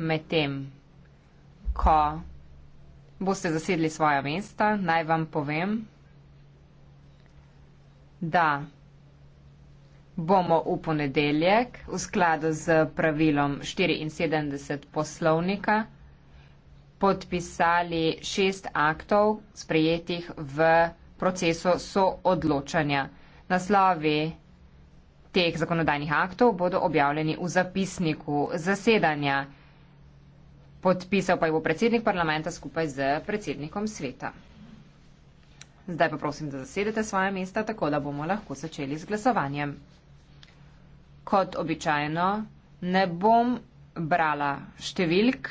medtem, ko boste zasedli svoja mesta, naj vam povem, da bomo v ponedeljek v skladu z pravilom 74 poslovnika podpisali šest aktov sprejetih v procesu soodločanja. Naslovi teh zakonodajnih aktov bodo objavljeni v zapisniku zasedanja. Podpisal pa jo bo predsednik parlamenta skupaj z predsednikom sveta. Zdaj pa prosim, da zasedete svoje mesta, tako da bomo lahko začeli z glasovanjem. Kot običajno ne bom brala številk.